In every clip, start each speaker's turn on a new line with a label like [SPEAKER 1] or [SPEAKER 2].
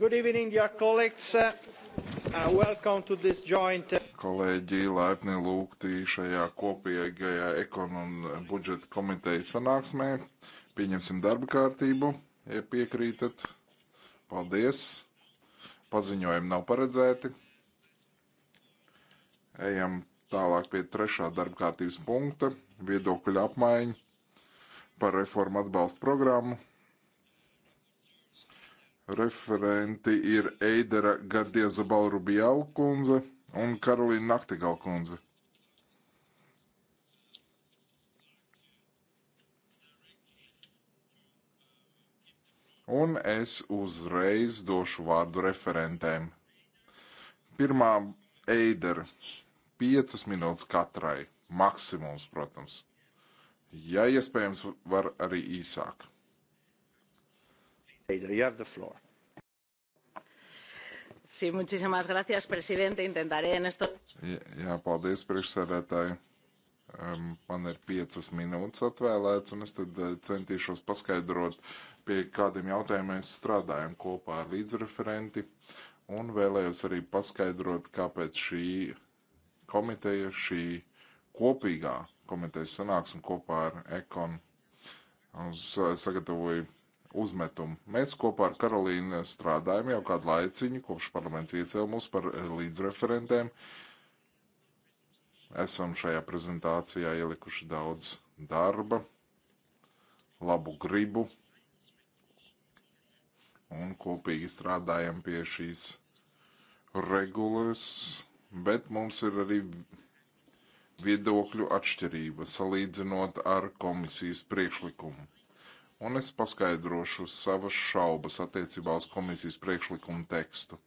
[SPEAKER 1] Good evening, dear colleagues. Uh, uh welcome to this joint. Uh,
[SPEAKER 2] Kolēģi laipni lūgti šajā kopīgajā ekon un uh, budžeta komitejas sanāksmē. Pieņemsim darba kārtību, ja piekrītat. Paldies. Paziņojumi nav paredzēti. Ejam tālāk pie trešā darba kārtības punkta - viedokļu apmaiņa par reformu atbalstu programmu Referenti ir Eidera Gardieza Balrubiela kundze un Karolīna Naktigal kundze. Un es uzreiz došu vārdu referentēm. Pirmā Eidera. Piecas minūtes katrai. Maksimums, protams. Ja iespējams, var arī īsāk. You have the floor.
[SPEAKER 1] Sí, muchísimas gracias, presidente. Intentaré en esto.
[SPEAKER 2] Jā, jā paldies, priekšsēdētāji. Um, man ir piecas minūtes atvēlēts, un es tad eh, centīšos paskaidrot, pie kādiem jautājumiem mēs strādājam kopā ar līdzreferenti. Un vēlējos arī paskaidrot, kāpēc šī komiteja, šī kopīgā komitejas sanāksme kopā ar Ekon uz, um, sagatavoju uzmetumu. Mēs kopā ar Karolīnu strādājam jau kādu laiciņu, kopš parlaments iecēla mūs par eh, līdzreferentēm. Esam šajā prezentācijā ielikuši daudz darba, labu gribu un kopīgi strādājam pie šīs regulas, bet mums ir arī viedokļu atšķirība salīdzinot ar komisijas priekšlikumu un es paskaidrošu savas šaubas attiecībā uz komisijas priekšlikumu tekstu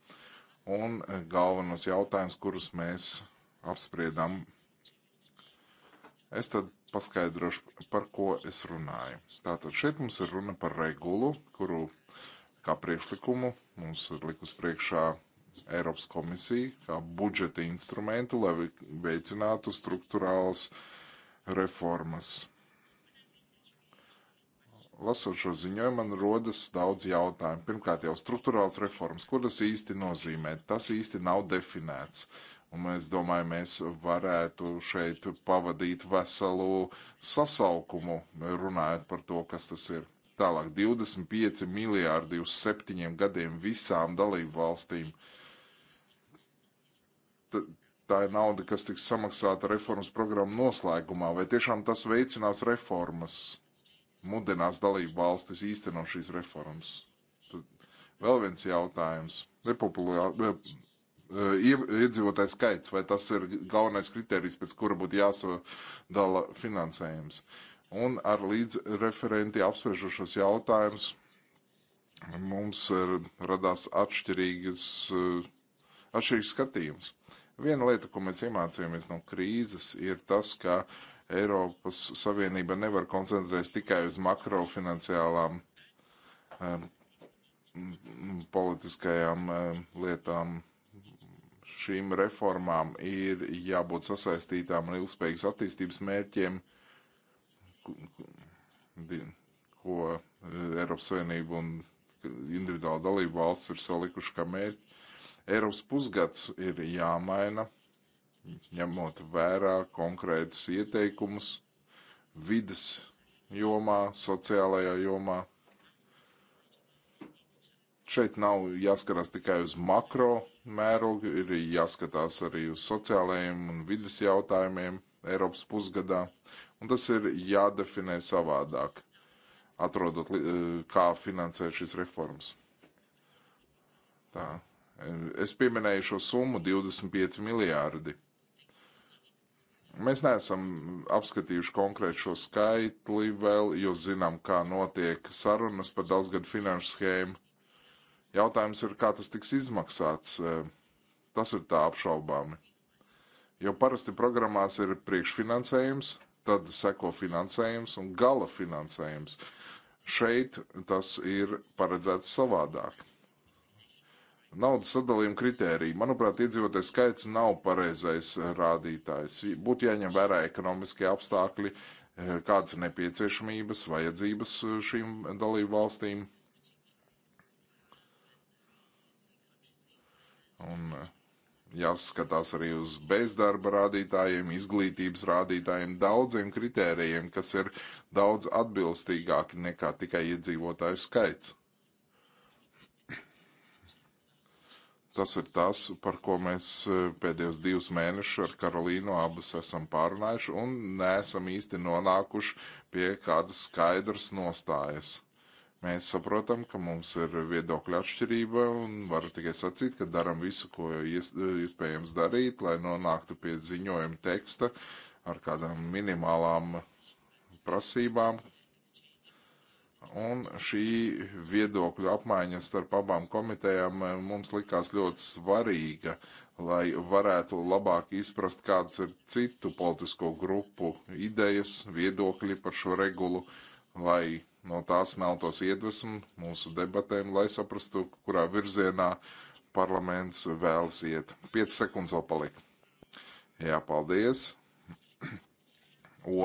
[SPEAKER 2] un eh, galvenos jautājumus, kurus mēs apspriedām. Es tad paskaidrošu, par ko es runāju. Tātad šeit mums ir runa par regulu, kuru kā priekšlikumu mums ir likus priekšā Eiropas komisija, kā budžeta instrumentu, lai veicinātu struktūrāls reformas lasot šo ziņojumu, man rodas daudz jautājumu. Pirmkārt, jau struktūrāls reformas, ko tas īsti nozīmē? Tas īsti nav definēts. Un es domāju, mēs varētu šeit pavadīt veselu sasaukumu, runājot par to, kas tas ir. Tālāk 25 miljārdi uz septiņiem gadiem visām dalību valstīm. T tā ir nauda, kas tiks samaksāta reformas programmu noslēgumā. Vai tiešām tas veicinās reformas? mudinās dalību valstis īstenot šīs reformas. Tad vēl viens jautājums. Nepopulāri. Eh, iedzīvotāju skaits, vai tas ir galvenais kriterijs, pēc kura būtu jāsadala finansējums? Un ar līdzreferenti apspriežošos jautājumus mums radās atšķirīgas, eh, atšķirīgs skatījums. Viena lieta, ko mēs iemācījāmies no krīzes, ir tas, ka uh, Eiropas Savienība nevar koncentrēties tikai uz makrofinanciālām um, eh, politiskajām um, lietām. Šīm reformām ir jābūt sasaistītām ar ilgspējīgas attīstības mērķiem, ko eh, Eiropas Savienība un individuāla dalība valsts ir salikuši kā mērķi. Eiropas pusgads ir jāmaina ņemot vērā konkrētus ieteikumus vidas jomā, sociālajā jomā. Šeit nav jāskarās tikai uz makro mērogu, ir jāskatās arī uz sociālajiem un vidas jautājumiem Eiropas pusgadā, un tas ir jādefinē savādāk, atrodot, eh, kā finansēt šīs reformas. Tā. Es pieminēju šo summu 25 miljārdi Mēs neesam apskatījuši konkrētu šo skaitli vēl, jo zinām, kā notiek sarunas par daudzgadu finanšu schēmu. Jautājums ir, kā tas tiks izmaksāts. Eh, tas ir tā apšaubāmi. Jo parasti programmās ir priekšfinansējums, tad seko finansējums un gala finansējums. Šeit tas ir paredzēts savādāk. Naudas sadalījuma kritērija. Manuprāt, iedzīvotājs skaits nav pareizais rādītājs. Būtu jāņem vērā ekonomiskie apstākļi, eh, kādas ir nepieciešamības, vajadzības eh, šīm dalību valstīm. Un eh, jāskatās arī uz bezdarba rādītājiem, izglītības rādītājiem, daudziem kritērijiem, kas ir daudz atbilstīgāki nekā tikai iedzīvotāju skaits. Tas ir tas, par ko mēs e, pēdējos divus mēnešus ar Karolīnu abus esam pārunājuši un neesam īsti nonākuši pie kādas skaidras nostājas. Mēs saprotam, ka mums ir viedokļa atšķirība un varu tikai sacīt, ka daram visu, ko e, iespējams darīt, lai nonāktu pie ziņojuma teksta ar kādām minimālām prasībām, Un šī viedokļu apmaiņa starp abām komitejām eh, mums likās ļoti svarīga, lai varētu labāk izprast, kādas ir citu politisko grupu idejas, viedokļi par šo regulu, lai no tās meltos iedvesmu mūsu debatēm, lai saprastu, kurā virzienā parlaments vēlas iet. 5 sekundes vēl palika. Jā, paldies.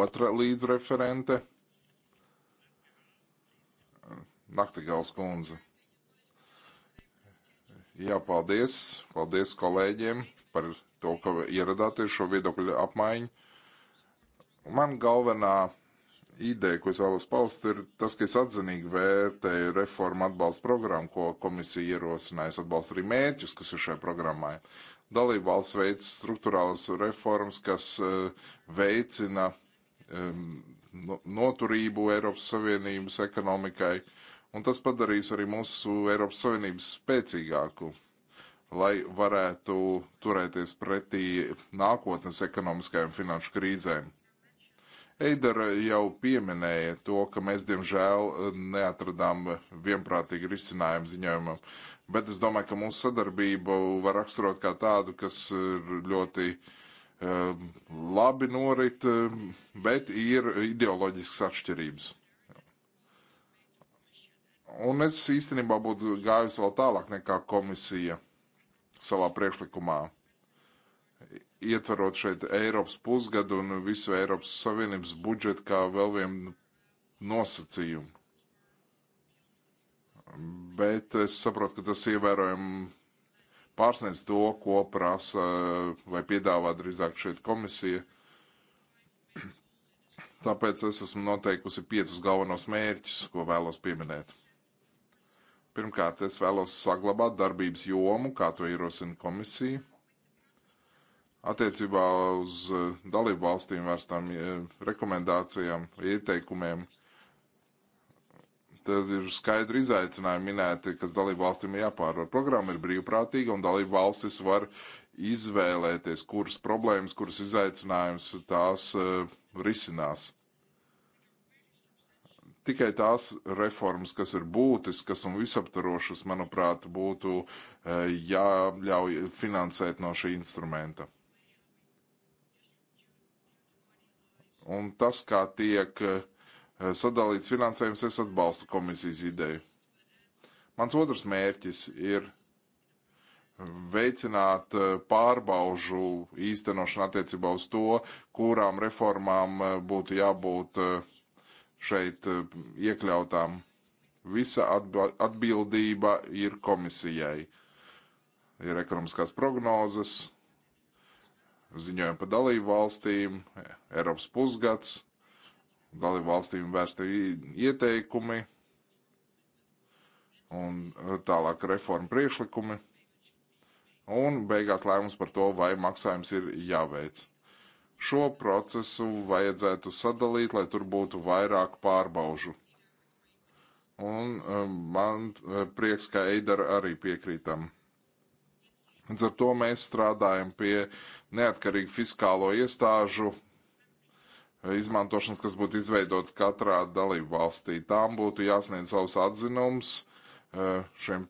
[SPEAKER 2] Otra līdzreferente Naktigāls kundze. Jā, paldies. Paldies kolēģiem par to, ka ieradāties šo viedokļu apmaiņu. Man galvenā ideja, ko es vēlos paust, ir tas, ka es atzinīgi vērtēju reformu atbalsta programmu, ko komisija ierosināja. Es atbalstu arī mērķus, kas ir šai programmai. Dalība valsts veids struktūrālas reformas, kas uh, veicina um, noturību Eiropas Savienības ekonomikai. Uh, un tas padarīs arī mūsu Eiropas Savienību spēcīgāku, lai varētu turēties pretī nākotnes ekonomiskajām finanšu krīzēm. Eidara jau pieminēja to, ka mēs diemžēl neatradām vienprātīgu risinājumu ziņojumam, bet es domāju, ka mūsu sadarbību var raksturot kā tādu, kas ir ļoti uh, labi norit, eh, bet ir ideoloģisks atšķirības. Un es īstenībā būtu gājis vēl tālāk nekā komisija savā priekšlikumā, ietverot šeit Eiropas pusgadu un visu Eiropas Savienības budžetu kā vēl vienu nosacījumu. Bet es saprotu, ka tas ievērojami pārsniedz to, ko prasa vai piedāvā drīzāk šeit komisija. Tāpēc es esmu noteikusi piecus galvenos mērķus, ko vēlos pieminēt. Pirmkārt, es vēlos saglabāt darbības jomu, kā to ierosina komisija. Attiecībā uz eh, dalību valstīm vērstām eh, rekomendācijām, ieteikumiem, tad ir skaidri izaicinājumi minēti, kas dalību valstīm ir jāpārvar. Programma ir brīvprātīga un dalību valstis var izvēlēties, kuras problēmas, kuras izaicinājumus tās eh, risinās. Tikai tās reformas, kas ir būtiskas un visaptarošas, manuprāt, būtu e, jāļauj finansēt no šī instrumenta. Un tas, kā tiek e, sadalīts finansējums, es atbalstu komisijas ideju. Mans otrs mērķis ir veicināt e, pārbaužu īstenošanu attiecībā uz to, kurām reformām būtu jābūt uh, šeit eh, iekļautām. Visa atbildība ir komisijai. Ir ekonomiskās prognozes, ziņojumi par dalību valstīm, Eiropas pusgads, dalību valstīm vērsti ieteikumi un eh, tālāk reforma priekšlikumi. Un beigās lēmums par to, vai maksājums ir jāveic. Šo procesu vajadzētu sadalīt, lai tur būtu vairāk pārbaužu. Un um, man uh, prieks, ka Eidara arī piekrītam. Līdz ar to mēs strādājam pie neatkarīgu fiskālo iestāžu uh, izmantošanas, kas būtu izveidots katrā dalību valstī. Tām būtu jāsniedz savus atzinums uh, šiem,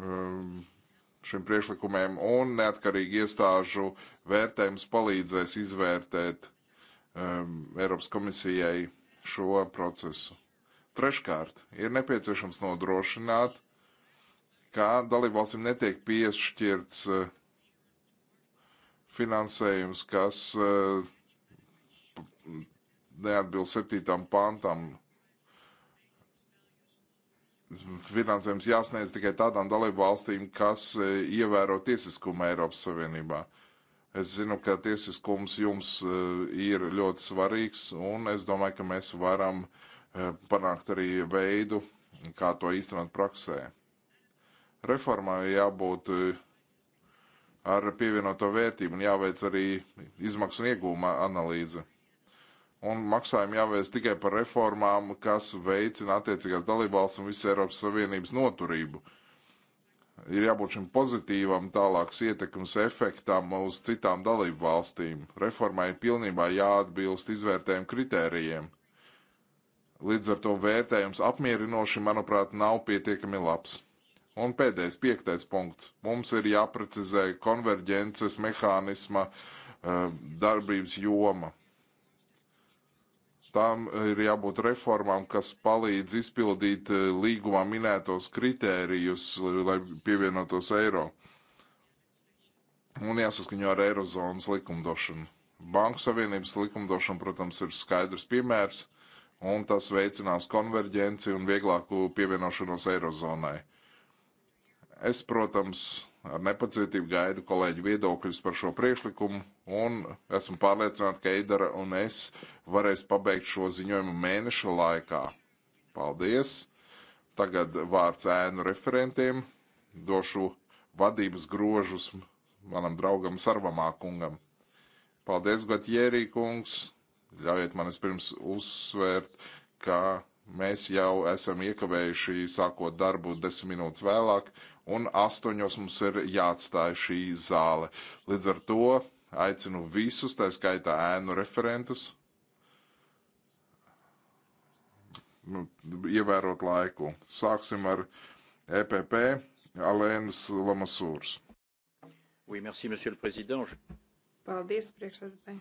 [SPEAKER 2] um, šiem priekšlikumiem un neatkarīgi iestāžu vērtējums palīdzēs izvērtēt um, Eiropas komisijai šo procesu. Treškārt, ir nepieciešams nodrošināt, ka dalībvalstīm netiek piešķirts uh, finansējums, kas uh, neatbilst septītām pantām. Finansējums jāsniedz tikai tādām dalībvalstīm, kas uh, ievēro tiesiskumu Eiropas Savienībā. Uh, Es zinu, ka tiesiskums jums eh, ir ļoti svarīgs, un es domāju, ka mēs varam eh, panākt arī veidu, kā to īstenot praksē. Reformā jābūt eh, ar pievienoto vērtību un jāveic arī izmaksu un iegūma analīze. Un maksājumi jāveic tikai par reformām, kas veicina attiecīgās dalībvalsts un visu Eiropas Savienības noturību. Uh, ir jābūt šim pozitīvam tālākas ietekmes efektam uz citām dalību valstīm. Reformai pilnībā jāatbilst izvērtējumu kritērijiem. Līdz ar to vērtējums apmierinoši, manuprāt, nav pietiekami labs. Un pēdējais, piektais punkts. Mums ir jāprecizē konverģences mehānisma eh, darbības joma. Tām eh, ir jābūt reformām, kas palīdz izpildīt eh, līgumā minētos kritērijus, lai pievienotos eiro. Un jāsaskaņo ar Eirozonas likumdošanu. Banku savienības likumdošana, protams, ir skaidrs piemērs, un tas veicinās konverģenci un vieglāku pievienošanos Eirozonai. Es, protams, ar nepacietību gaidu kolēģu viedokļus par šo priekšlikumu, un esmu pārliecināta, ka Eidara un es varēs pabeigt šo ziņojumu mēneša laikā. Paldies! Tagad vārds ēnu referentiem. Došu vadības grožus manam draugam Sarvamā kungam. Paldies, Gatjērī kungs! Ļaujiet man vispirms uzsvērt, ka mēs jau esam iekavējuši sākot darbu desmit minūtes vēlāk, un astoņos mums ir jāatstāj šī zāle. Līdz ar to aicinu visus, tā skaitā ēnu referentus, nu, ievērot laiku. Sāksim ar EPP Alēnas Lamasūrs.
[SPEAKER 1] Oui, merci, monsieur le président.
[SPEAKER 3] Paldies, priekšsēdētāji.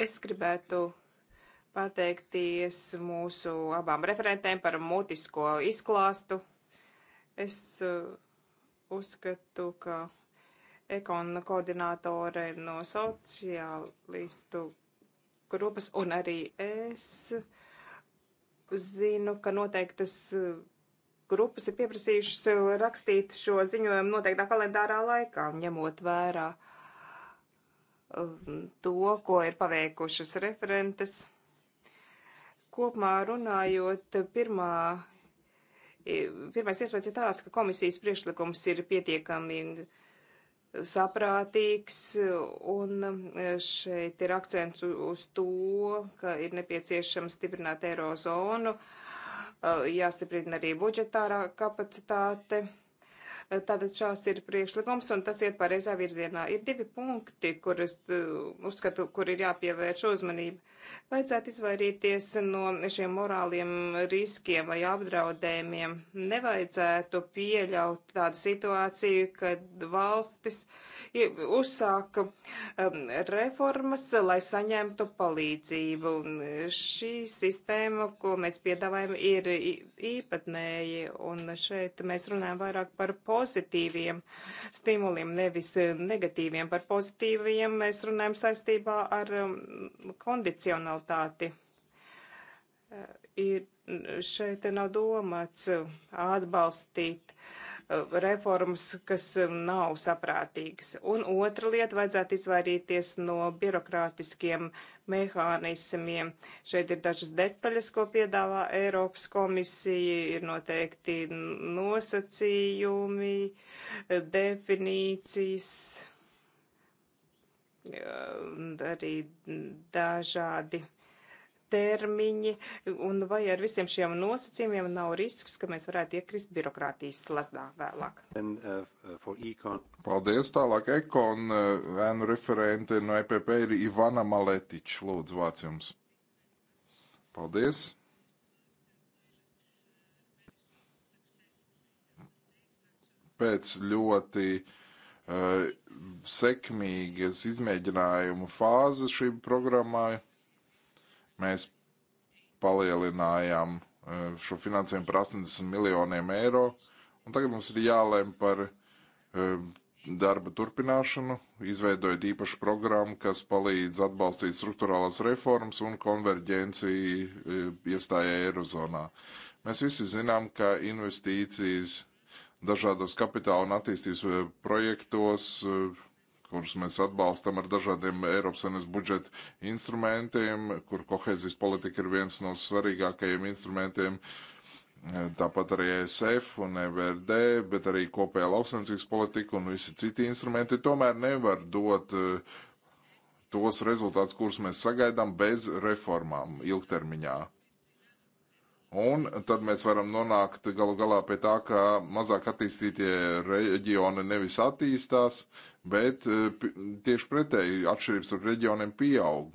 [SPEAKER 3] Es gribētu pateikties mūsu abām referentēm par mutisko izklāstu. Es uh, uzskatu, ka ekona koordinātore no sociālistu grupas un arī es zinu, ka noteiktas uh, grupas ir pieprasījušas uh, rakstīt šo ziņojumu noteiktā kalendārā laikā, ņemot vērā um, to, ko ir paveikušas referentes. Kopumā runājot, pirmā E, pirmais iespējas ir tāds, ka komisijas priekšlikums ir pietiekami saprātīgs, un e, šeit ir akcents uz to, ka ir nepieciešams stiprināt eirozonu, e, jāstiprina arī budžetārā kapacitāte Tātad šās ir priekšlikums, un tas iet pareizā virzienā. Ir divi punkti, kurus uh, uzskatu, kur ir jāpievērš uzmanība. Vajadzētu izvairīties no šiem morāliem riskiem vai apdraudējumiem. Nevajadzētu pieļaut tādu situāciju, kad valstis uzsāka um, reformas, lai saņemtu palīdzību. Šī sistēma, ko mēs piedāvājam, ir īpatnēji, un šeit mēs runājam vairāk par politiku pozitīviem stimuliem, nevis e, negatīviem. Par pozitīviem mēs runājam saistībā ar kondicionalitāti. E, ir šeit nav domāts e, atbalstīt uh, reformas, kas um, nav saprātīgas. Un otra lieta - vajadzētu izvairīties no birokrātiskiem mehānismiem. Šeit ir dažas detaļas, ko piedāvā Eiropas komisija, ir noteikti nosacījumi, definīcijas um, arī dažādi termiņi, un vai ar visiem šiem nosacījumiem nav risks, ka mēs varētu iekrist birokrātijas slazdā vēlāk.
[SPEAKER 1] And, uh, econ...
[SPEAKER 2] Paldies, tālāk ekon vēnu uh, referente no EPP ir Ivana Maletič, lūdzu vārds jums. Paldies. Pēc ļoti uh, sekmīgas izmēģinājumu fāzes šīm programmai Mēs palielinājām e, šo finansējumu par 80 miljoniem eiro, un tagad mums ir jālēm par e, darba turpināšanu, izveidojot īpašu programmu, kas palīdz atbalstīt struktūrālās reformas un konverģenciju e, iestājai Eirozonā. Mēs visi zinām, ka investīcijas dažādos kapitāla un attīstības projektos kurus mēs atbalstam ar dažādiem Eiropas Savienības budžeta instrumentiem, kur kohēzijas politika ir viens no svarīgākajiem instrumentiem, eh, tāpat arī ESF un EVRD, bet arī kopējā lauksaimniecības politika un visi citi instrumenti tomēr nevar dot eh, tos rezultātus, kurus mēs sagaidām bez reformām ilgtermiņā. Un tad mēs varam nonākt galu galā pie tā, ka mazāk attīstītie reģioni nevis attīstās, bet eh, tieši pretēji atšķirības ar reģioniem pieaug.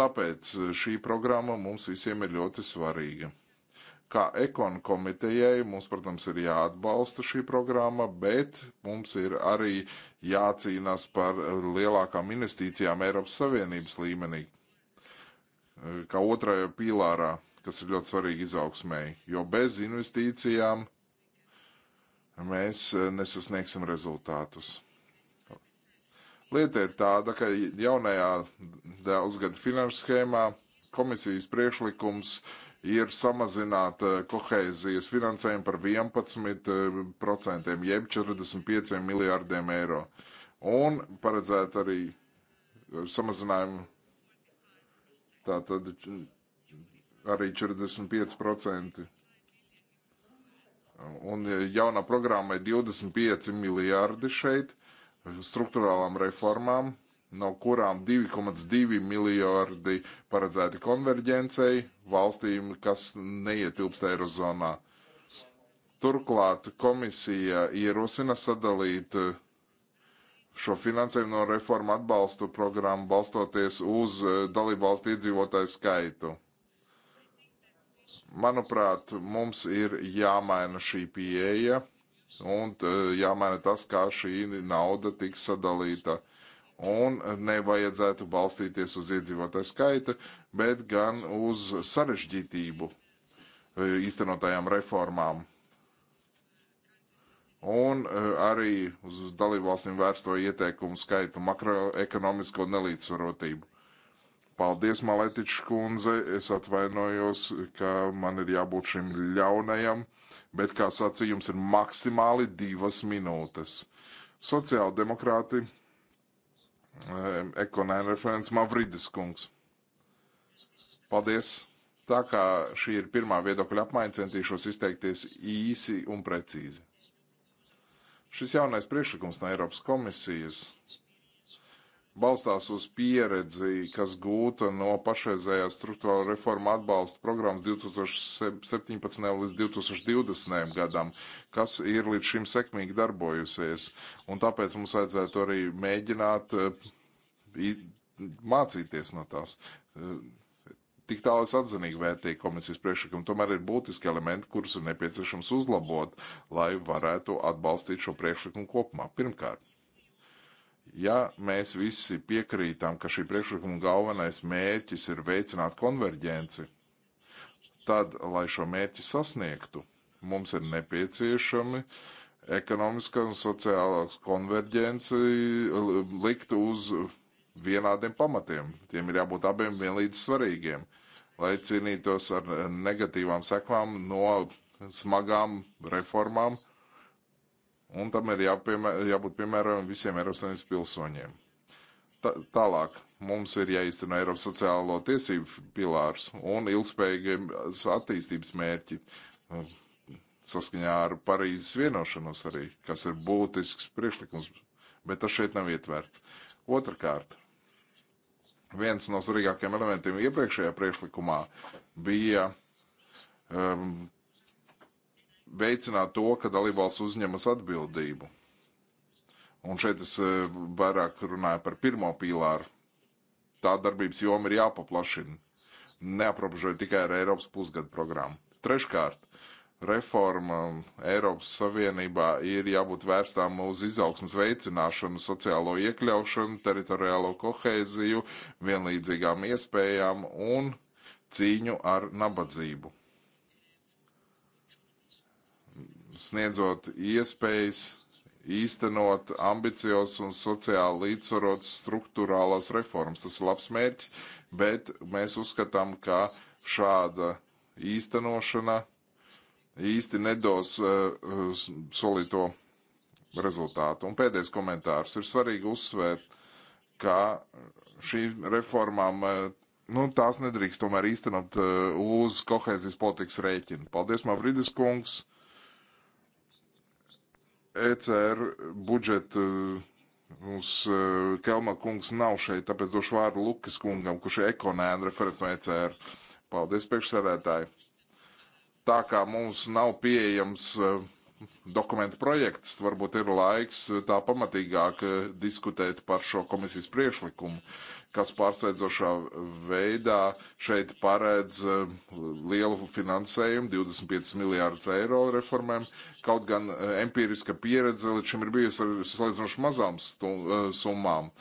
[SPEAKER 2] Tāpēc eh, šī programma mums visiem ir ļoti svarīga. Kā ekon komitejai mums, protams, ir jāatbalsta šī programma, bet mums ir arī jācīnās par lielākām investīcijām Eiropas Savienības līmenī, eh, kā otrajā pīlārā kas ir ļoti svarīgi izaugsmēji, jo bez investīcijām mēs e, nesasniegsim rezultātus. Lieta ir tāda, ka jaunajā daudzgada finanšu schēmā komisijas priekšlikums ir samazināt e, kohēzijas finansējumu par 11%, jeb 45 miljārdiem eiro. Un paredzēt arī samazinājumu tātad arī 45%. Un jaunā programma ir 25 miljārdi šeit struktūrālām reformām, no kurām 2,2 miljārdi paredzēti konverģencei valstīm, kas neietilpst Eirozonā. Turklāt komisija ierosina sadalīt uh, šo finansējumu no reformu atbalstu programmu balstoties uz uh, dalībvalstu iedzīvotāju skaitu. Manuprāt, mums ir jāmaina šī pieeja un e, jāmaina tas, kā šī nauda tiks sadalīta. Un nevajadzētu balstīties uz iedzīvotāju skaita, bet gan uz sarežģītību e, īstenotajām reformām. Un e, arī uz dalībvalstīm vērsto ieteikumu skaitu makroekonomisko nelīdzsvarotību. Paldies, Maletičs kundze, es atvainojos, ka man ir jābūt šim ļaunajam, bet, kā sacīju, jums ir maksimāli divas minūtes. Sociāldemokrāti, ekonēna referents Mavridis kungs. Paldies! Tā kā šī ir pirmā viedokļa apmaiņa, centīšos izteikties īsi un precīzi. Šis jaunais priekšlikums no Eiropas komisijas balstās uz pieredzi, kas gūta no pašreizējās struktūra reforma atbalsta programmas 2017. līdz 2020. gadam, kas ir līdz šim sekmīgi darbojusies. Un tāpēc mums vajadzētu arī mēģināt eh, mācīties no tās. Eh, tik tālu es atzinīgi vērtīju komisijas priekšlikumu, tomēr ir būtiski elementi, kurus ir nepieciešams uzlabot, lai varētu atbalstīt šo priekšlikumu kopumā. Pirmkārt, Ja mēs visi piekrītam, ka šī priekšlikuma galvenais mērķis ir veicināt konverģenci, tad, lai šo mērķi sasniegtu, mums ir nepieciešami ekonomiskā un sociālā konverģence likt uz vienādiem pamatiem. Tiem ir jābūt abiem vienlīdz svarīgiem, lai cīnītos ar negatīvām sekām no smagām reformām un tam ir jāpiemē, jābūt piemērojumam visiem Eiropas Savienības pilsoņiem. Ta, tālāk mums ir jāizteno Eiropas sociālo tiesību pilārs un ilgspējīgas attīstības mērķi nu, saskaņā ar Parīzes vienošanos arī, kas ir būtisks priekšlikums, bet tas šeit nav ietverts. Otrakārt, viens no svarīgākajiem elementiem iepriekšējā priekšlikumā bija um, veicināt to, ka dalībvalsts uzņemas atbildību. Un šeit es e, vairāk runāju par pirmo pīlāru. Tā darbības joma ir jāpaplašina, neaprobežoja tikai ar Eiropas pusgadu programmu. Treškārt, reforma Eiropas Savienībā ir jābūt vērstām uz izaugsmas veicināšanu, sociālo iekļaušanu, teritoriālo kohēziju, vienlīdzīgām iespējām un cīņu ar nabadzību. sniedzot iespējas īstenot ambiciozus un sociāli līdzsvarotas struktūrālās reformas. Tas ir labs mērķis, bet mēs uzskatām, ka šāda īstenošana īsti nedos uh, solīto rezultātu. Un pēdējais komentārs ir svarīgi uzsvērt, ka šīm reformām uh, nu, tās nedrīkst tomēr īstenot uh, uz kohēzijas politikas rēķina. Paldies, Mavridis kungs! ECR budžetu e, mums e, Kelma kungs nav šeit, tāpēc došu vārdu Lukas kungam, kurš ir ekonēna referents no ECR. Paldies, priekšsēdētāji! Tā kā mums nav pieejams uh, dokumentu projekts, varbūt ir laiks tā pamatīgāk eh, diskutēt par šo komisijas priekšlikumu, kas pārsteidzošā veidā šeit paredz eh, lielu finansējumu, 25 miljārdus eiro reformēm, kaut gan eh, empiriska pieredze līdz šim ir bijusi ar salīdzinoši mazām summām.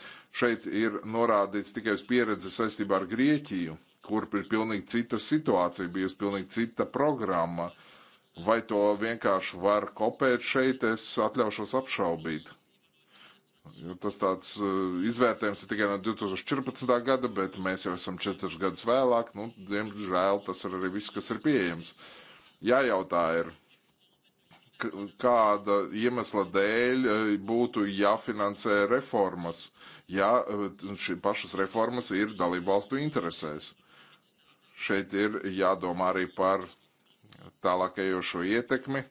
[SPEAKER 2] Šeit ir norādīts tikai uz pieredzi saistībā ar Grieķiju, kur ir pilnīgi cita situācija, bijusi pilnīgi cita programma. Uh, Vai to vienkārši var kopēt šeit, es atļaušos apšaubīt. Jo tas tāds eh, izvērtējums ir tikai no 2014. gada, bet mēs jau esam četrus gadus vēlāk. Nu, diemžēl tas ir arī viss, kas ir pieejams. Jājautā ir, kāda iemesla dēļ eh, būtu jāfinansē reformas, ja eh, šī pašas reformas ir dalībvalstu interesēs. Šeit ir jādomā arī par tālākajošo ietekmi.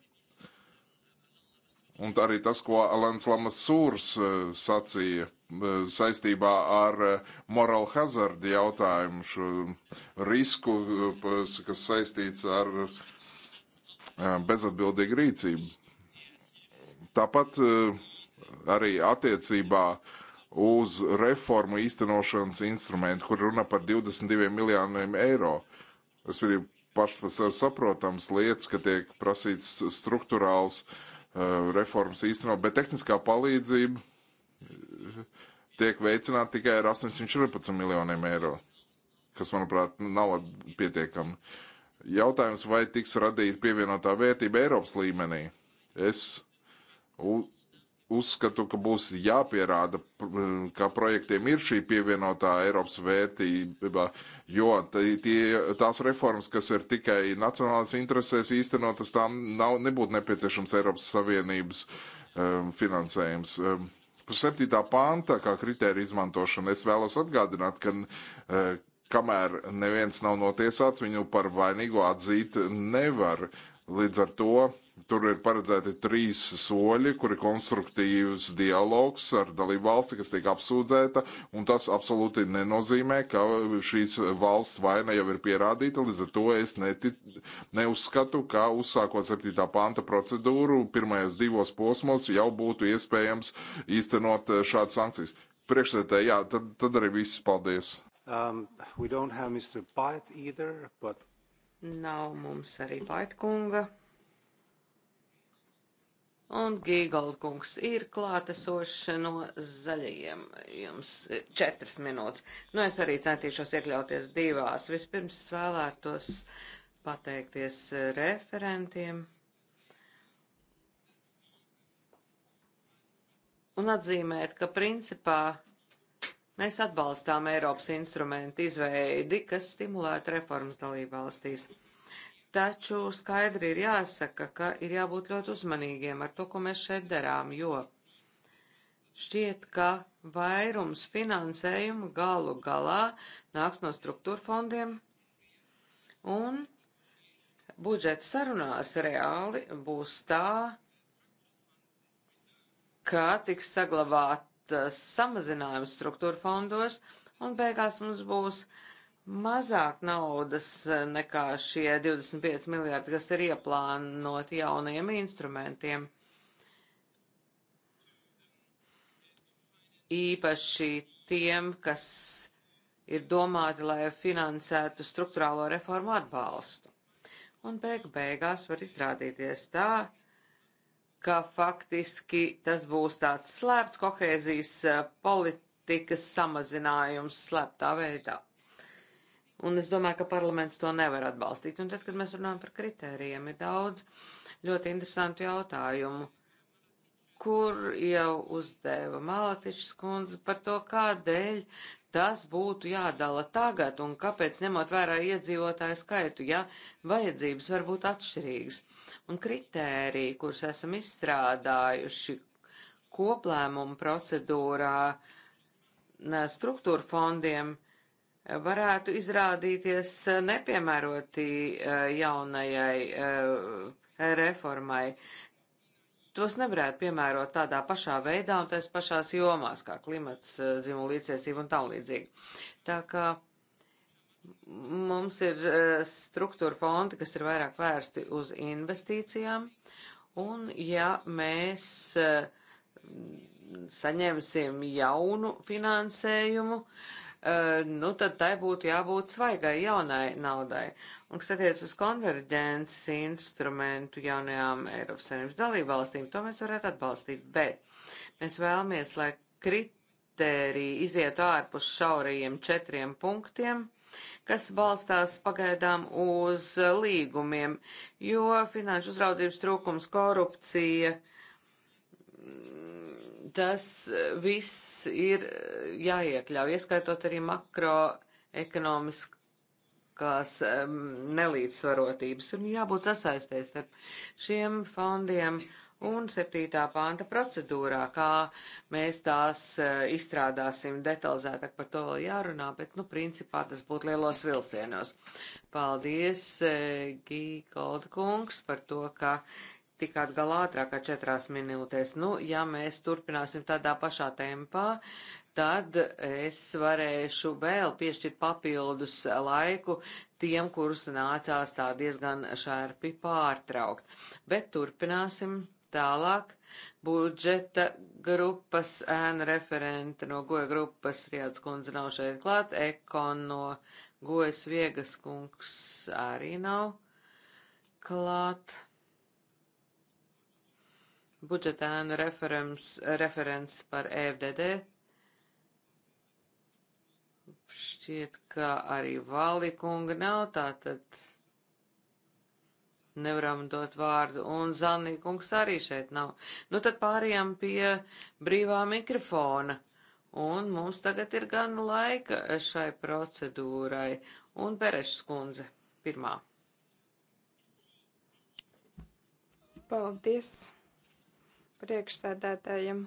[SPEAKER 2] Un arī tas, ko Alans Lamasūrs eh, sacīja eh, saistībā ar eh, moral hazard jautājumu, šo risku, kas saistīts ar bezatbildīgu rīcību. Tāpat arī attiecībā uz reformu īstenošanas instrumentu, kur runa par 22 miljoniem eiro. Es gribu pašas ar saprotams lietas, ka tiek prasīts struktūrāls uh, reformas īstenot, bet tehniskā palīdzība eh, tiek veicināta tikai ar 814 miljoniem eiro, kas, manuprāt, nav pietiekami. Jautājums, vai tiks radīta pievienotā vērtība Eiropas līmenī? Es uzskatu, ka būs jāpierāda, ka projektiem ir šī pievienotā Eiropas vērtība, jo tie, tās reformas, kas ir tikai nacionālās interesēs īstenotas, tām nav, nebūtu nepieciešams Eiropas Savienības um, finansējums. Um, Septītā panta, kā kritērija izmantošana, es vēlos atgādināt, ka uh, kamēr neviens nav notiesāts, viņu par vainīgu atzīt nevar. Uh, Līdz ar to tur ir paredzēti trīs soļi, kuri konstruktīvs dialogs ar dalību valsti, kas tiek apsūdzēta, un tas absolūti nenozīmē, ka šīs valsts vaina jau ir pierādīta, līdz ar to es netic, neuzskatu, ka uzsākot 7. panta procedūru, pirmajos divos posmos jau būtu iespējams īstenot eh, šādas sankcijas. Priekšsēdētāji, jā, tad, tad arī viss paldies.
[SPEAKER 1] Um, we don't have Mr. Bite either, but Nav mums arī Baitkunga. Un Gīgaldkungs ir klātesošs no zaļajiem. Jums četras minūtes. Nu, es arī centīšos iekļauties divās. Vispirms es vēlētos pateikties referentiem. Un atzīmēt, ka principā Mēs atbalstām Eiropas instrumentu izveidi, kas stimulētu reformas dalībvalstīs. Taču skaidri ir jāsaka, ka ir jābūt ļoti uzmanīgiem ar to, ko mēs šeit darām, jo šķiet, ka vairums finansējumu galu galā nāks no struktūra fondiem un budžeta sarunās reāli būs tā, ka tiks saglabāt Uh, samazinājums struktūra fondos, un beigās mums būs mazāk naudas uh, nekā šie 25 miljārdi, kas ir ieplānoti jaunajiem instrumentiem. Īpaši tiem, kas ir domāti, lai finansētu struktūrālo reformu atbalstu. Un beig beigās var izrādīties tā, ka faktiski tas būs tāds slēpts kohēzijas eh, politikas samazinājums slēptā veidā. Un es domāju, ka parlaments to nevar atbalstīt. Un tad, kad mēs runājam par kritērijiem, ir daudz ļoti interesantu jautājumu, kur jau uzdeva Malatišs kundze par to, kādēļ tas būtu jādala tagad un kāpēc ņemot vērā iedzīvotāju skaitu, ja vajadzības var būt atšķirīgas. Un kritēriji, kurus esam izstrādājuši koplēmumu procedūrā, struktūra fondiem, varētu izrādīties nepiemēroti eh, jaunajai eh, reformai tos nevarētu piemērot tādā pašā veidā un tās pašās jomās, kā klimats, eh, dzimuma līdzsiesība un tam līdzīgi. Tā kā mums ir eh, struktūra fondi, kas ir vairāk vērsti uz investīcijām, un ja mēs eh, saņemsim jaunu finansējumu, uh, nu tad tai būtu jābūt svaigai jaunai naudai. Un, kas attiec uz konverģences instrumentu jaunajām Eiropas Savienības dalībvalstīm, to mēs varētu atbalstīt, bet mēs vēlamies, lai kritēriji izietu ārpus šaurajiem četriem punktiem kas balstās pagaidām uz līgumiem, jo finanšu uzraudzības trūkums, korupcija, uh, Tas e, viss ir e, jāiekļauj, ieskaitot arī makroekonomisku kās um, e, nelīdzsvarotības un jābūt sasaistēs starp šiem fondiem un 7. panta procedūrā, kā mēs tās uh, izstrādāsim detalizētāk par to vēl jārunā, bet, nu, principā tas būtu lielos vilcienos. Paldies, uh, Gīgolda kungs, par to, ka tikāt galā ātrāk kā četrās minūtēs. Nu, ja mēs turpināsim tādā pašā tempā, tad es varēšu vēl piešķirt papildus laiku tiem, kurus nācās tā diezgan šērpi pārtraukt. Bet turpināsim tālāk. Budžeta grupas ēna referenta no goja grupas Riads kundze nav šeit klāt, ekon no gojas viegas kungs arī nav klāt budžetēnu referents, referents par EFDD. Šķiet, ka arī Valikunga nav, tātad nevaram dot vārdu, un Zanīkungs arī šeit nav. Nu tad pārējām pie brīvā mikrofona, un mums tagad ir gan laika šai procedūrai, un Berešs kundze pirmā.
[SPEAKER 3] Paldies! priekšsēdētājiem.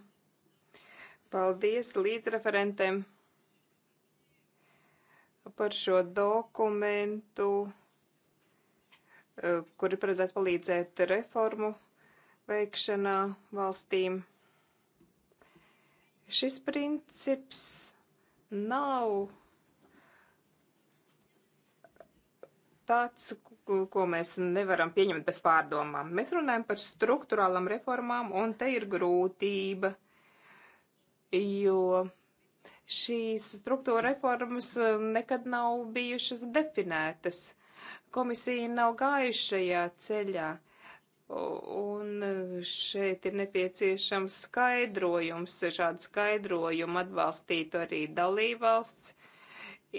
[SPEAKER 3] Paldies līdzreferentiem par šo dokumentu, eh, kur ir paredzēts palīdzēt reformu veikšanā valstīm. Šis princips nav tāds, ko mēs nevaram pieņemt bez pārdomām. Mēs runājam par struktūrālām reformām, un te ir grūtība, jo šīs struktūra reformas eh, nekad nav bijušas definētas. Komisija nav gājuši šajā ceļā. Un šeit ir nepieciešams skaidrojums, šādu skaidrojumu atbalstītu arī dalībvalsts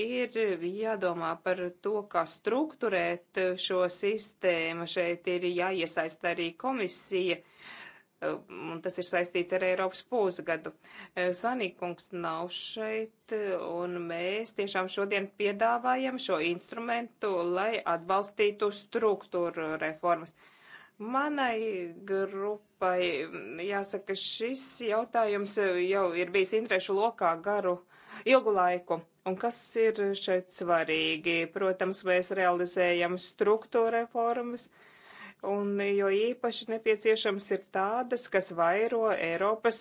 [SPEAKER 3] ir jādomā par to, kā struktūrēt šo sistēmu. Šeit ir jāiesaist arī komisija, un tas ir saistīts ar Eiropas pusgadu. Sanīkungs nav šeit, un mēs tiešām šodien piedāvājam šo instrumentu, lai atbalstītu struktūru reformas. Manai grupai jāsaka, šis jautājums jau ir bijis interešu lokā garu ilgu laiku. Un kas ir šeit svarīgi? Protams, mēs realizējam struktūra reformas, un jo īpaši nepieciešams ir tādas, kas vairo Eiropas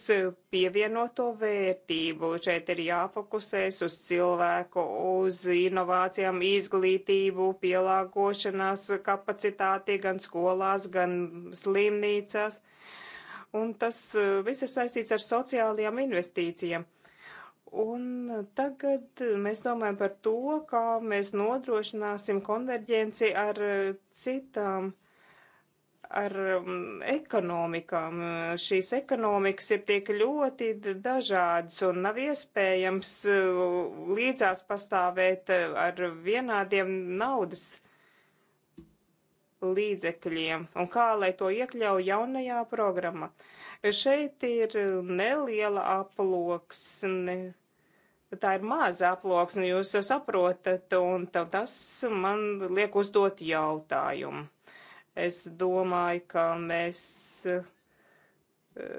[SPEAKER 3] pievienoto vērtību. Šeit ir jāfokusēs uz cilvēku, uz inovācijām, izglītību, pielāgošanās kapacitāti gan skolās, gan slimnīcās. Un tas eh, viss ir saistīts ar sociālajām investīcijām. Un tagad mēs domājam par to, kā mēs nodrošināsim konverģenci ar eh, citām, ar mm, ekonomikām. Šīs ekonomikas ir tik ļoti dažādas un nav iespējams eh, līdzās pastāvēt eh, ar vienādiem naudas līdzekļiem un kā lai to iekļauj jaunajā programmā. Uh, Šeit ir neliela aploksne. Tā ir maza aploksne, jūs jau saprotat, un tas man liek uzdot jautājumu. Es domāju, ka mēs, eh,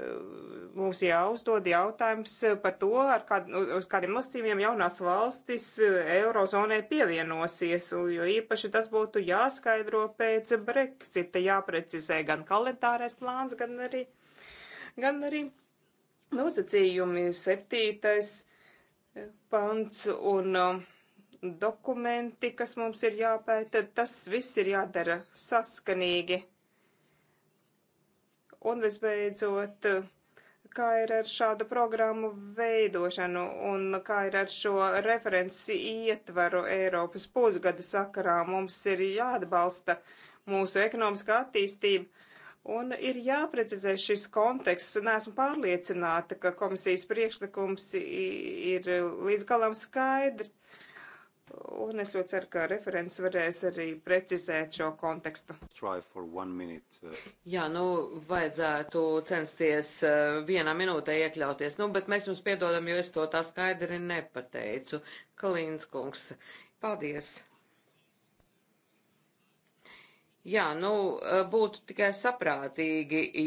[SPEAKER 3] mums jāuzdod jautājums par to, ar kād, uz kādiem nosacījumiem jaunās valstis Eirozonai pievienosies, jo īpaši tas būtu jāskaidro pēc Brexita, jāprecizē gan kalendārais plāns, gan arī. Uh, gan arī nosacījumi septītais eh, pants un um, dokumenti, kas mums ir jāpēta, tas viss ir jādara saskanīgi. Un visbeidzot, kā ir ar šādu programmu veidošanu un kā ir ar šo referenci ietvaru Eiropas pusgada sakarā, mums ir jāatbalsta mūsu ekonomiskā attīstība Un ir jāprecizē šis konteksts. Nesmu pārliecināta, ka komisijas priekšlikums ir līdz galam skaidrs. Un es ļoti ceru, ka referents varēs arī precizēt šo kontekstu. Uh,
[SPEAKER 1] Jā, nu, vajadzētu censties uh, vienā minūtē iekļauties. Nu, bet mēs jums piedodam, jo es to tā skaidri nepateicu. Kalīns kungs, paldies! Jā, nu, eh, būtu tikai saprātīgi,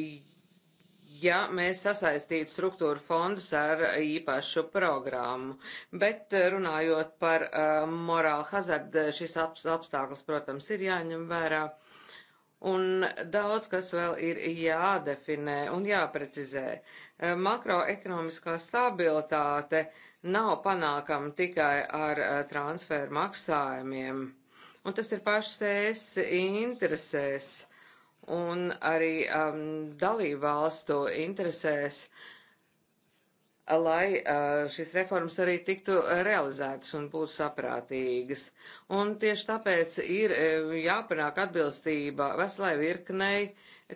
[SPEAKER 1] ja mēs sasaistītu struktūra fondus ar īpašu programmu. Bet eh, runājot par uh, eh, morālu hazardu, šis apstākļus, protams, ir jāņem vērā. Un daudz kas vēl ir jādefinē un jāprecizē. Makroekonomiskā stabilitāte nav panākama tikai ar transferu maksājumiem un tas ir pašas ES interesēs un arī um, dalību valstu interesēs, lai uh, šīs reformas arī tiktu realizētas un būtu saprātīgas. Un tieši tāpēc ir uh, jāpanāk atbilstība veselai virknei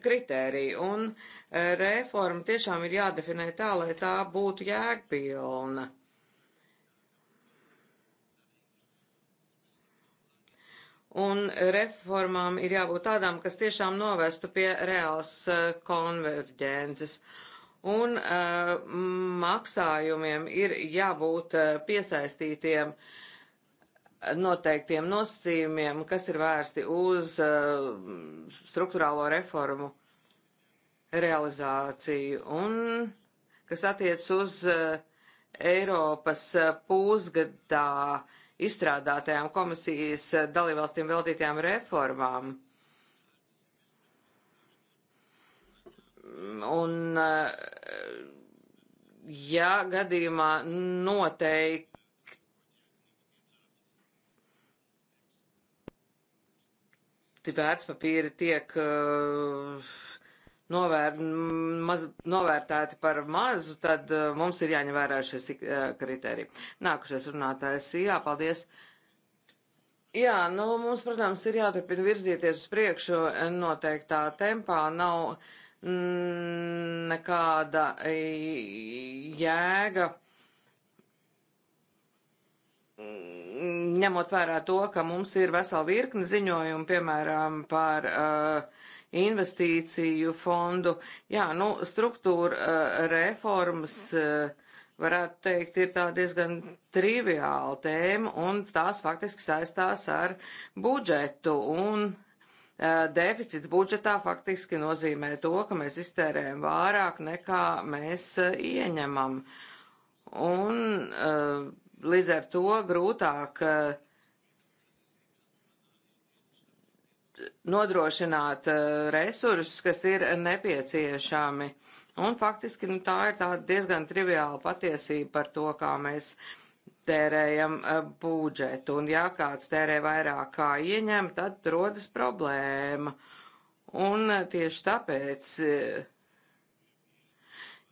[SPEAKER 1] kritēriju, un uh, reforma tiešām ir jādefinē tā, lai tā būtu jēgpilna. un reformām ir jābūt tādām, kas tiešām novestu pie reāls eh, konverģences. Un uh, maksājumiem ir jābūt eh, piesaistītiem noteiktiem nosacījumiem, kas ir vērsti uz uh, struktūrālo reformu realizāciju un kas attiec uz uh, Eiropas pusgadā uh, izstrādātajām komisijas dalībvalstīm veltītajām reformām. Un, eh, ja gadījumā noteikti vērtspapīri tiek uh, novēr, maz, novērtēti par mazu, tad uh, mums ir jāņem vērā šis uh, kriteriji. Nākušais runātājs, jā, paldies. Jā, nu, mums, protams, ir jāturpina virzīties uz priekšu noteiktā tempā. Nav mm, nekāda jēga mm, ņemot vērā to, ka mums ir vesela virkni ziņojumu, piemēram, par uh, investīciju fondu. Jā, nu, struktūra eh, reformas, eh, varētu teikt, ir tā diezgan triviāla tēma, un tās faktiski saistās ar budžetu. Un eh, deficits budžetā faktiski nozīmē to, ka mēs iztērējam vairāk nekā mēs ieņemam. Un līdz ar to grūtāk uh, nodrošināt eh, resursus, kas ir nepieciešami. Un faktiski nu, tā ir tāda diezgan triviāla patiesība par to, kā mēs tērējam eh, budžetu. Un ja kāds tērē vairāk kā ieņem, tad rodas problēma. Un eh, tieši tāpēc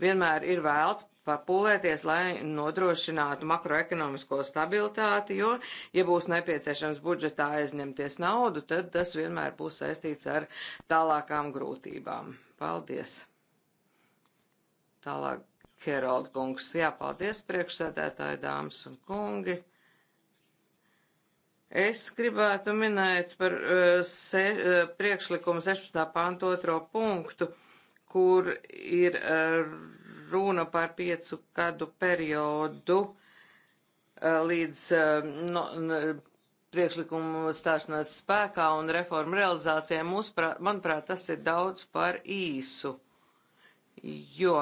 [SPEAKER 1] vienmēr ir vēlts papulēties, lai nodrošinātu makroekonomisko stabilitāti, jo, ja būs nepieciešams budžetā aizņemties naudu, tad tas vienmēr būs saistīts ar tālākām grūtībām. Paldies! Tālāk, Herald kungs, jāpaldies priekšsēdētāji, dāmas un kungi. Es gribētu minēt par eh, se, eh, priekšlikumu 16. pāntu otro punktu, kur ir eh, runa par piecu gadu periodu eh, līdz eh, no, priekšlikumu stāšanās spēkā un reformu realizācijai. Mūsuprāt, manuprāt, tas ir daudz par īsu, jo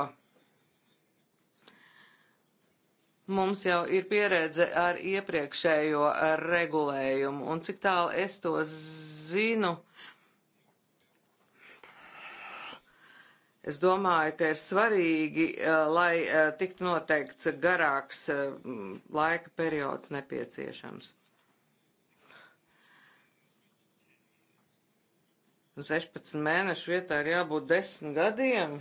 [SPEAKER 1] mums jau ir pieredze ar iepriekšējo regulējumu, un cik tālu es to zinu, Es domāju, ka ir svarīgi, eh, lai eh, tiktu noteikts garāks eh, laika periods nepieciešams. 16 mēnešu vietā ir jābūt 10 gadiem.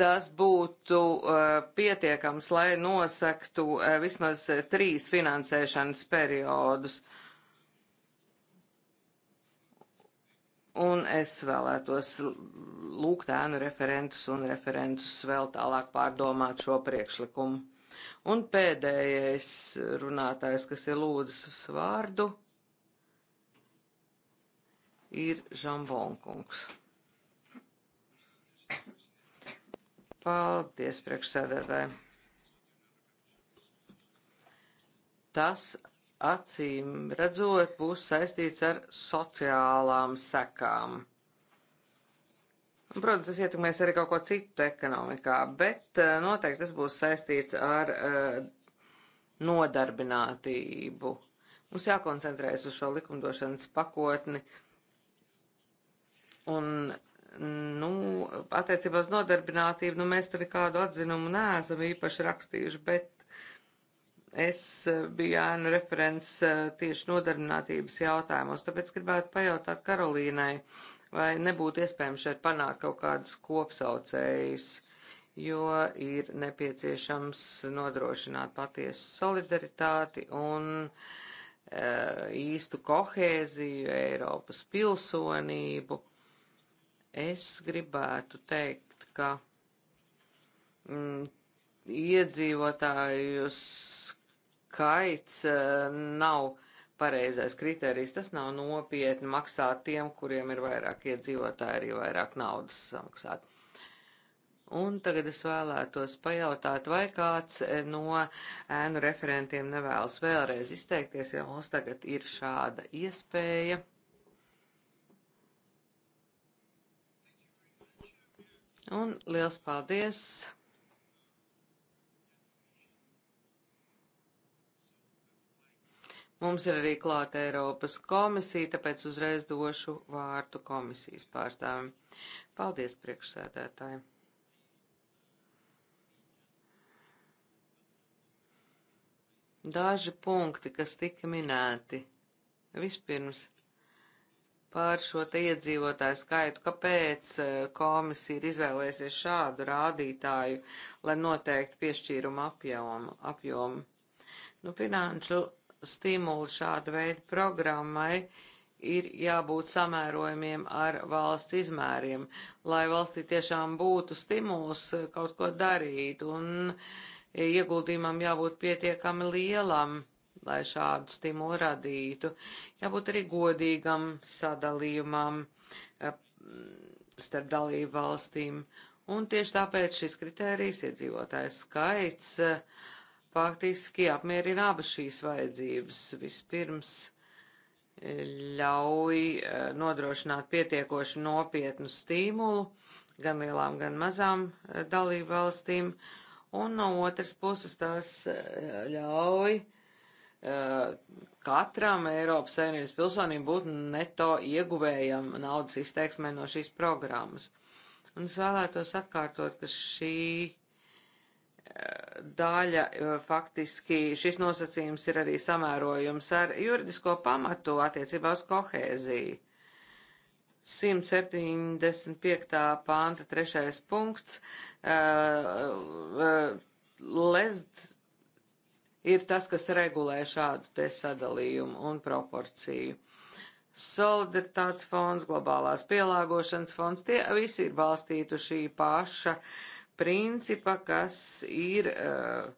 [SPEAKER 1] Tas būtu pietiekams, lai nosektu vismaz trīs finansēšanas periodus. Uh, Un es vēlētos lūgt ēnu referentus un referentus vēl tālāk pārdomāt šo priekšlikumu. Un pēdējais runātājs, kas ir lūdzis vārdu, ir Žambonkungs. Paldies, priekšsēdētāji. Tas acīm redzot būs saistīts ar sociālām sekām. Protams, tas ietekmēs arī kaut ko citu ekonomikā, bet eh, noteikti tas būs saistīts ar uh, nodarbinātību. Mums jākoncentrējas uz šo likumdošanas pakotni. Un, nu, attiecībā uz nodarbinātību, nu, mēs tur kādu atzinumu neesam īpaši rakstījuši, bet Es eh, biju ēnu referents eh, tieši nodarbinātības jautājumos, tāpēc gribētu pajautāt Karolīnai, vai nebūtu iespējams šeit panākt kaut kādus kopsaucējus, jo ir nepieciešams nodrošināt patiesu solidaritāti un eh, īstu kohēziju, Eiropas pilsonību. Es gribētu teikt, ka mm, iedzīvotājus kaits eh, nav pareizais kriterijs. Tas nav nopietni maksāt tiem, kuriem ir vairāk iedzīvotāji, arī vairāk naudas samaksāt. Un tagad es vēlētos pajautāt, vai kāds eh, no ēnu referentiem nevēlas vēlreiz izteikties, ja mums tagad ir šāda iespēja. Un liels paldies! Mums ir arī klāta Eiropas komisija, tāpēc uzreiz došu vārdu komisijas pārstāvim. Paldies, priekšsēdētāji! Daži punkti, kas tika minēti. Vispirms par šo te iedzīvotāju skaitu, kāpēc e, komisija ir izvēlēsies šādu rādītāju, lai noteikti piešķīrumu apjomu. apjomu. Nu, finanšu stimuli šāda veida programmai ir jābūt samērojumiem ar valsts izmēriem, lai valstī tiešām būtu stimuls eh, kaut ko darīt un eh, ieguldījumam jābūt pietiekami lielam, lai šādu stimulu radītu. Jābūt arī godīgam sadalījumam eh, starp dalību valstīm. Un tieši tāpēc šis kritērijs iedzīvotājs skaits uh, faktiski apmierina abas šīs vajadzības. Vispirms e, ļauj e, nodrošināt pietiekoši nopietnu stīmulu gan lielām, gan mazām e, dalību valstīm, un no otras puses tās ļauj katram Eiropas Savienības pilsonim būt neto ieguvējam naudas izteiksmē no šīs programmas. Un es vēlētos atkārtot, ka šī daļa eh, faktiski šis nosacījums ir arī samērojums ar juridisko pamatu attiecībā uz kohēziju. 175. panta trešais punkts. Eh, eh, Lezd ir tas, kas regulē šādu te sadalījumu un proporciju. Solidaritātes fonds, globālās pielāgošanas fonds, tie visi ir balstīti uz šī paša uh, principa, kas ir uh,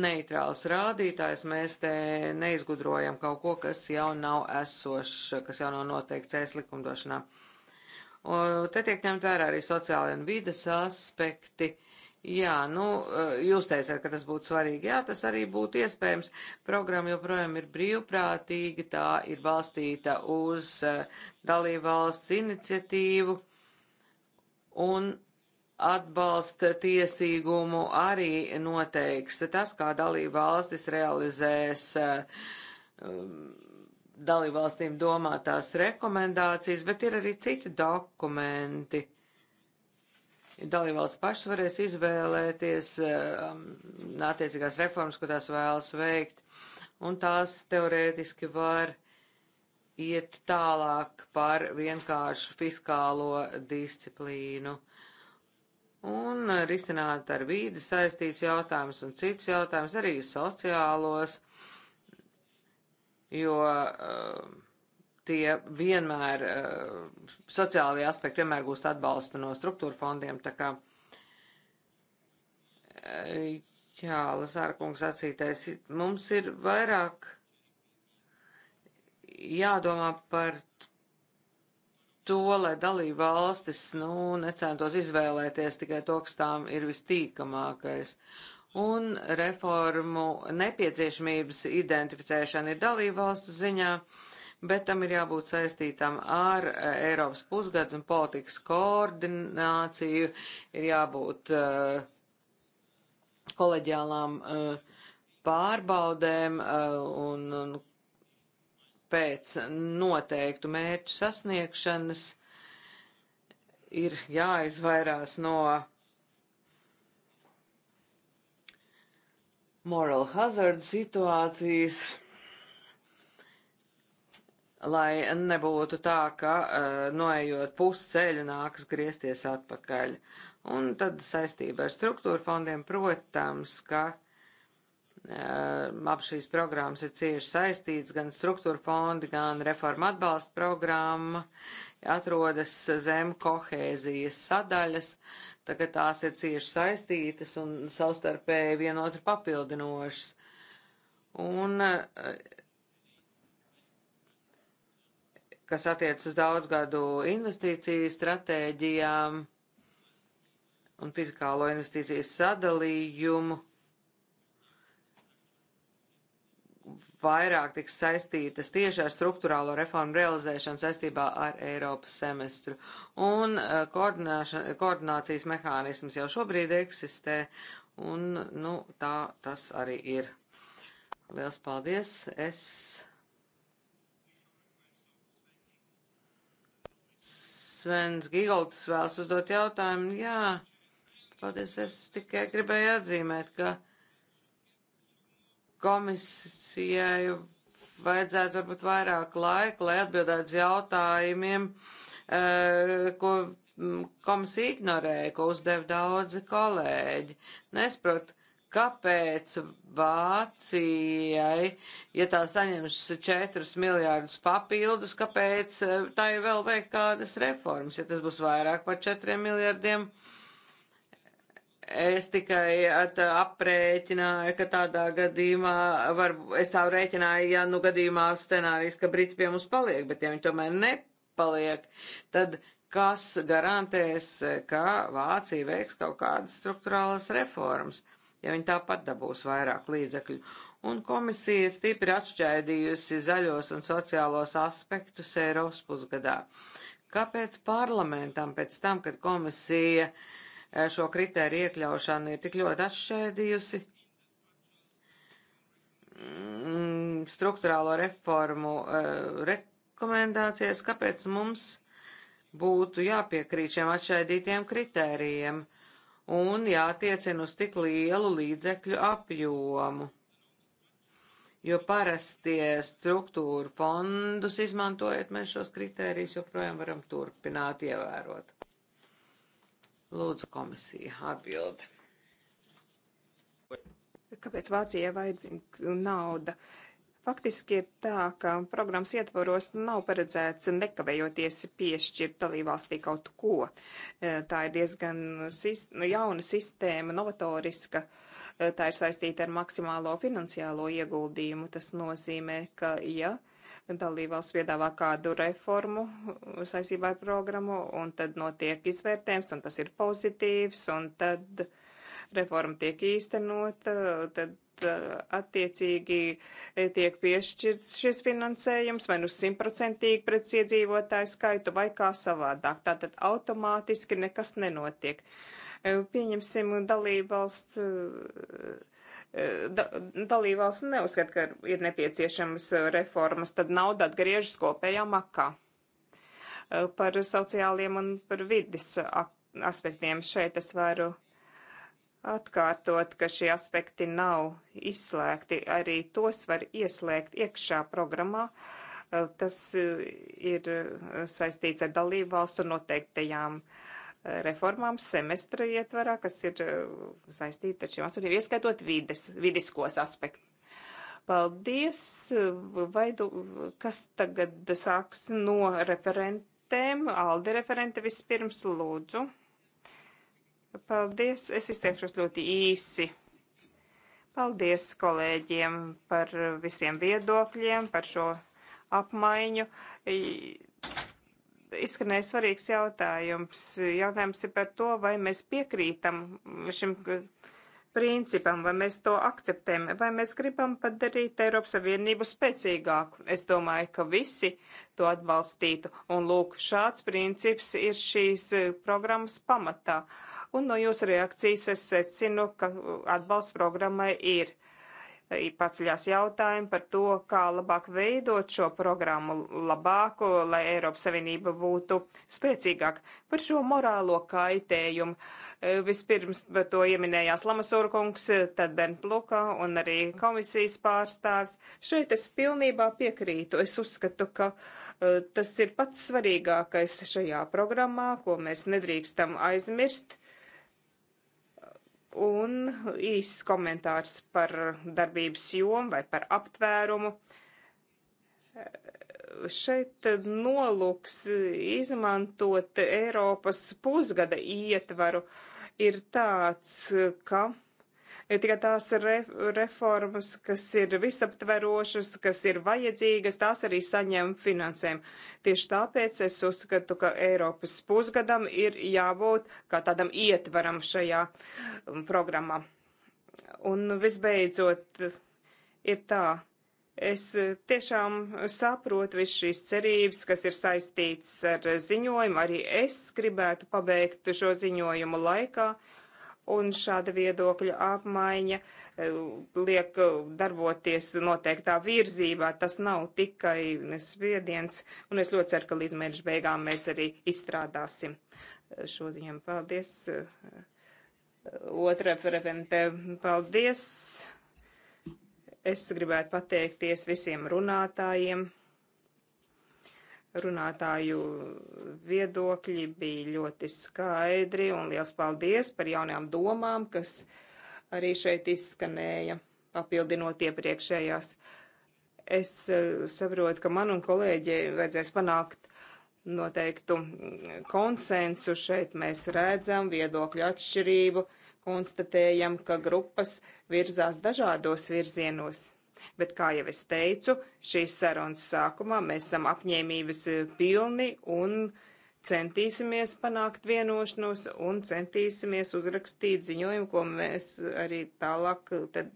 [SPEAKER 1] neitrāls rādītājs. Mēs te neizgudrojam kaut ko, kas jau nav esošs, kas jau nav noteikts ēs likumdošanā. Un te tiek ņemt vērā arī sociāli un vides aspekti. Jā, nu, eh, jūs teicāt, ka tas būtu svarīgi. Jā, tas arī būtu iespējams. Programma joprojām ir brīvprātīga, tā ir balstīta uz eh, dalību valsts iniciatīvu. Uh, un atbalsta tiesīgumu arī noteiks tas, kā dalība valstis realizēs um, dalību valstīm domātās rekomendācijas, bet ir arī citi dokumenti. Dalībvalsts pašas varēs izvēlēties um, attiecīgās reformas, ko tās vēlas veikt, un tās teorētiski var iet tālāk par vienkāršu fiskālo disciplīnu un risināt ar vīdi saistīts jautājums un cits jautājums arī sociālos, jo uh, tie vienmēr, uh, sociālajie aspekti vienmēr gūst atbalstu no struktūra fondiem, tā kā, uh, jā, Lazārkungs acītais, mums ir vairāk jādomā par to, lai dalība valstis, nu, necentos izvēlēties tikai to, kas tām ir vistīkamākais. Un reformu nepieciešamības identificēšana ir dalība valsts ziņā, bet tam ir jābūt saistītam ar eh, Eiropas pusgadu un politikas koordināciju, ir jābūt uh, koleģiālām uh, pārbaudēm uh, un, un pēc noteiktu mērķu sasniegšanas ir jāizvairās no moral hazard situācijas, lai nebūtu tā, ka eh, noejot pusceļu nākas griezties atpakaļ. Un tad saistība ar struktūra fondiem, protams, ka ap šīs programmas ir cieši saistīts, gan struktūra fondi, gan reforma atbalsta programma, atrodas zem kohēzijas sadaļas, tagad tās ir cieši saistītas un savstarpēji vienotru papildinošas. Un, kas attiec uz daudzgadu investīciju stratēģijām un fizikālo investīciju sadalījumu, vairāk tiks saistītas tieši ar struktūrālo reformu realizēšanu saistībā ar Eiropas semestru. Un eh, koordinācijas mehānisms jau šobrīd eksistē, un nu, tā tas arī ir. Liels paldies! Es Svens Gigolds vēlas uzdot jautājumu. Jā, paldies, es tikai gribēju atzīmēt, ka komisijai vajadzētu varbūt vairāk laika, lai atbildētu uz jautājumiem, eh, ko mm, komisija ignorēja, ko uzdev daudzi kolēģi. Nesprot, kāpēc Vācijai, ja tā saņems 4 miljārdus papildus, kāpēc eh, tā jau vēl vajag kādas reformas, ja tas būs vairāk par 4 miljārdiem. Uh, Es tikai aprēķināju, ka tādā gadījumā, var, es tā rēķināju, ja nu gadījumā scenārijs, ka Briti pie mums paliek, bet ja viņi tomēr nepaliek, tad kas garantēs, ka Vācija veiks kaut kādas struktūrālas reformas, ja viņi tāpat dabūs vairāk līdzekļu. Un komisija stipri atšķaidījusi zaļos un sociālos aspektus Eiropas pusgadā. Kāpēc parlamentam pēc tam, kad komisija uh, Eh, šo kritēriju iekļaušanu ir tik ļoti atšķēdījusi mm, struktūrālo reformu eh, rekomendācijas, kāpēc mums būtu jāpiekrīt šiem atšķaidītiem kritērijiem un jātiecina uz tik lielu līdzekļu apjomu jo parastie struktūru fondus izmantojot, mēs šos kritērijus joprojām varam turpināt ievērot. Lūdzu, komisija atbild.
[SPEAKER 3] Kāpēc Vācijai vajadzīga nauda? Faktiski ir tā, ka programmas ietvaros nav paredzēts nekavējoties piešķirt dalībvalstī kaut ko. E, tā ir diezgan sis nu, jauna sistēma, novatoriska. E, tā ir saistīta ar maksimālo finansiālo ieguldījumu. Tas nozīmē, ka, ja. Uh, dalībvalsts piedāvā kādu reformu saistībā ar programmu, un tad notiek izvērtējums, un tas ir pozitīvs, un tad reforma tiek īstenota, tad eh, attiecīgi eh, tiek piešķirts šis finansējums vai nu simtprocentīgi pret iedzīvotāju skaitu vai kā savādāk. Tātad automātiski nekas nenotiek. Uh, Eh, pieņemsim dalībvalsts. Eh, eh, da, dalībvalsts neuzskata, ka ir nepieciešamas reformas, tad nauda atgriežas kopējā makā. Par sociāliem un par vidas aspektiem šeit es varu atkārtot, ka šie aspekti nav izslēgti. Arī tos var ieslēgt iekšā programmā. Tas ir saistīts ar dalībvalstu noteiktajām uh, reformām semestra ietvarā, kas ir eh, saistīta ar šiem aspektiem, ieskaitot vides, vidiskos aspektus. Paldies, Vaidu, kas tagad sāks no referentēm, Aldi referente vispirms lūdzu. Paldies, es izteikšos ļoti īsi. Paldies kolēģiem par visiem viedokļiem, par šo apmaiņu izskanēja svarīgs jautājums. Jautājums ir par to, vai mēs piekrītam šim principam, vai mēs to akceptējam, vai mēs gribam padarīt Eiropas Savienību spēcīgāku. Es domāju, ka visi to atbalstītu. Un lūk, šāds princips ir šīs programmas pamatā. Un no jūsu reakcijas es secinu, ka atbalsts programmai ir paceļās jautājumi par to, kā labāk veidot šo programmu labāku, lai Eiropas Savienība būtu spēcīgāka par šo morālo kaitējumu. E, vispirms to ieminējās Lamasurkungs, tad Bernt Luka un arī komisijas pārstāvs. Šeit es pilnībā piekrītu. Es uzskatu, ka e, tas ir pats svarīgākais šajā programmā, ko mēs nedrīkstam aizmirst Un īsts komentārs par darbības jomu vai par aptvērumu. Šeit nolūks izmantot Eiropas pusgada ietvaru ir tāds, ka tikai tās re, reformas, kas ir visaptverošas, kas ir vajadzīgas, tās arī saņem finansēm. Tieši tāpēc es uzskatu, ka Eiropas pusgadam ir jābūt kā tādam ietvaram šajā um, programmā. Un visbeidzot, ir tā. Es eh, tiešām saprotu visu šīs cerības, kas ir saistīts ar ziņojumu. Arī es gribētu pabeigt šo ziņojumu laikā. Uh, Un šāda viedokļa apmaiņa eh, liek eh, darboties noteiktā virzībā. Tas nav tikai spiediens, un es ļoti ceru, ka līdz mēneša beigām mēs arī izstrādāsim eh, šo ziņām. Paldies! Otra referente, paldies! Es gribētu pateikties visiem runātājiem runātāju viedokļi bija ļoti skaidri un liels paldies par jaunajām domām, kas arī šeit izskanēja, papildinot iepriekšējās. Es eh, saprotu, ka man un kolēģi vajadzēs panākt noteiktu konsensu. Šeit mēs redzam viedokļu atšķirību, konstatējam, ka grupas virzās dažādos virzienos Bet, kā jau es teicu, šīs sarunas sākumā mēs esam apņēmības eh, pilni un centīsimies panākt vienošanos un centīsimies uzrakstīt ziņojumu, ko mēs arī tālāk eh,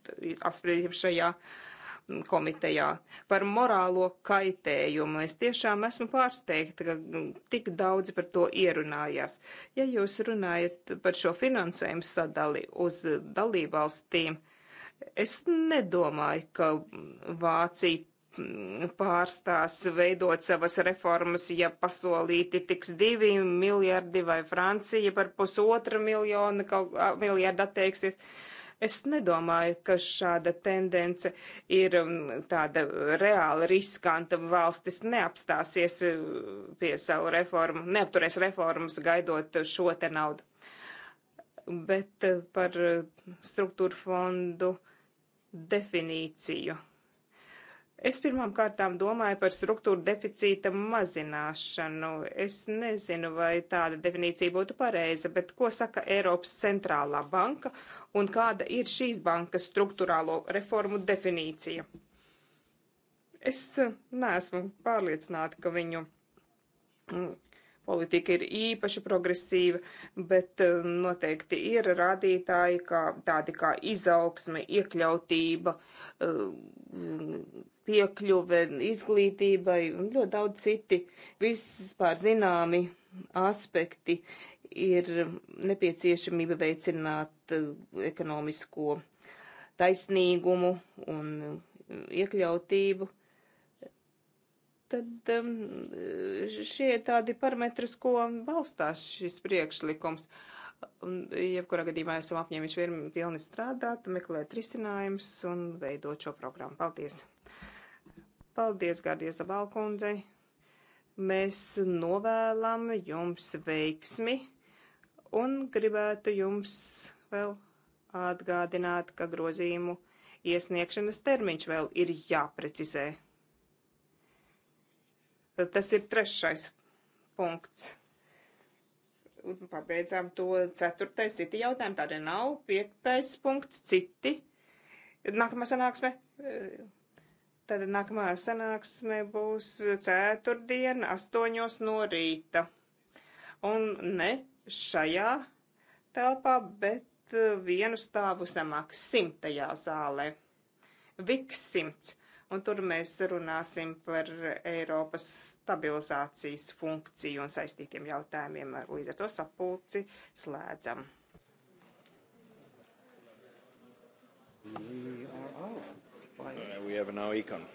[SPEAKER 3] apspriedīsim šajā mm, komitejā. Par morālo kaitējumu es tiešām esmu pārsteigta, ka mm, tik daudzi par to ierunājās. Ja jūs runājat par šo finansējumu sadali uz eh, dalībvalstīm, Es nedomāju, ka Vācija mm, pārstās veidot savas reformas, ja pasolīti tiks divi miljardi vai Francija par pusotra miljonu kaut miljardu atteiksies. Es nedomāju, ka šāda tendence ir mm, tāda reāli riskanta. Valstis neapstāsies e, pie savu reformu, neapturēs reformas gaidot šo te naudu. Bet e, par e, struktūru fondu uh, definīciju. Es pirmām kārtām domāju par struktūra deficīta mazināšanu. Es nezinu, vai tāda definīcija būtu pareiza, bet ko saka Eiropas centrālā banka un kāda ir šīs bankas struktūrālo reformu definīcija? Es eh, neesmu pārliecināta, ka viņu mm, politika ir īpaši progresīva, bet eh, noteikti ir rādītāji kā, tādi kā izaugsme, iekļautība, eh, piekļuve izglītībai un ļoti daudz citi vispār zināmi aspekti ir nepieciešamība veicināt eh, ekonomisko taisnīgumu un iekļautību tad um, šie ir tādi parametri, uz ko balstās šis priekšlikums. Un, jebkurā gadījumā esam apņēmuši pilni strādāt, meklēt risinājumus un veidot šo programmu. Paldies! Paldies, Gārdieza Balkundzei! Mēs novēlam jums veiksmi un gribētu jums vēl atgādināt, ka grozījumu iesniegšanas termiņš vēl ir jāprecizē. Tas ir trešais punkts. Un pabeidzām to ceturtais citi jautājumi, tāda nav. Piektais punkts citi. Nākamā sanāksme. Tad nākamā sanāksme būs ceturtdien, astoņos no rīta. Un ne šajā telpā, bet vienu stāvu zemāk simtajā zālē. Viks simts un tur mēs runāsim par Eiropas stabilizācijas funkciju un saistītiem jautājumiem. Līdz ar to sapulci slēdzam. We are out. Why? Uh, we have now econ.